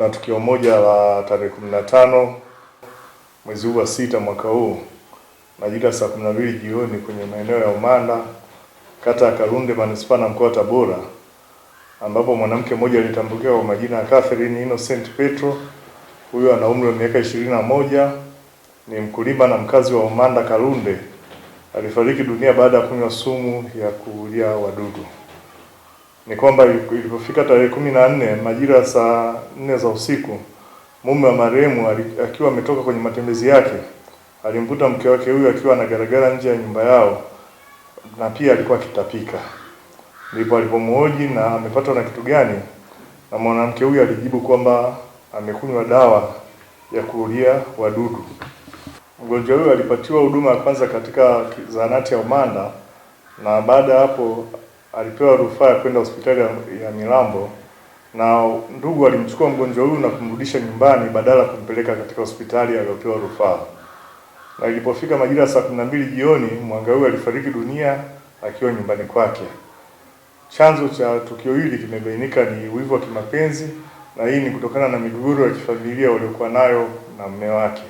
tuna tukio moja la tarehe 15 mwezi huu wa sita mwaka huu majira saa 12 jioni kwenye maeneo ya Umanda kata ya karunde manispaa na mkoa wa Tabora ambapo mwanamke mmoja alitambukiwa kwa majina ya Catherine Innocent Petro. Huyu ana umri wa miaka ishirini na moja, ni mkulima na mkazi wa Umanda karunde Alifariki dunia baada ya kunywa sumu ya kuulia wadudu ni kwamba ilipofika tarehe kumi na nne majira ya saa nne za usiku mume wa marehemu akiwa ametoka kwenye matembezi yake alimkuta mke wake huyu akiwa anagaragara nje ya nyumba yao na pia alikuwa akitapika. Ndipo alipomhoji na amepatwa na kitu gani, na mwanamke huyu alijibu kwamba amekunywa dawa ya kuulia wadudu. Mgonjwa huyu alipatiwa huduma ya kwanza katika zahanati ya Umanda na baada ya hapo alipewa rufaa ya kwenda hospitali ya Milambo na ndugu alimchukua mgonjwa huyu na kumrudisha nyumbani badala ya kumpeleka katika hospitali aliyopewa rufaa. Na ilipofika majira saa kumi na mbili jioni mwanga huyu alifariki dunia akiwa nyumbani kwake. Chanzo cha tukio hili kimebainika ni wivu wa kimapenzi, na hii ni kutokana na migogoro ya kifamilia waliokuwa nayo na mme wake.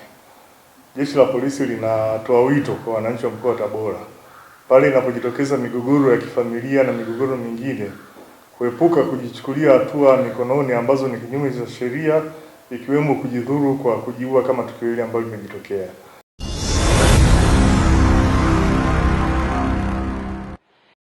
Jeshi la polisi linatoa wito kwa wananchi wa mkoa wa Tabora pale inapojitokeza migogoro ya kifamilia na migogoro mingine, kuepuka kujichukulia hatua mikononi ambazo ni kinyume cha sheria, ikiwemo kujidhuru kwa kujiua kama tukio hili ambalo limejitokea.